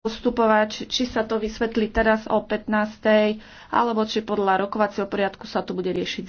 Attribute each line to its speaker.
Speaker 1: postupovať, či sa to vysvetlí teraz o 15. alebo či podľa rokovacieho poriadku sa to bude riešiť.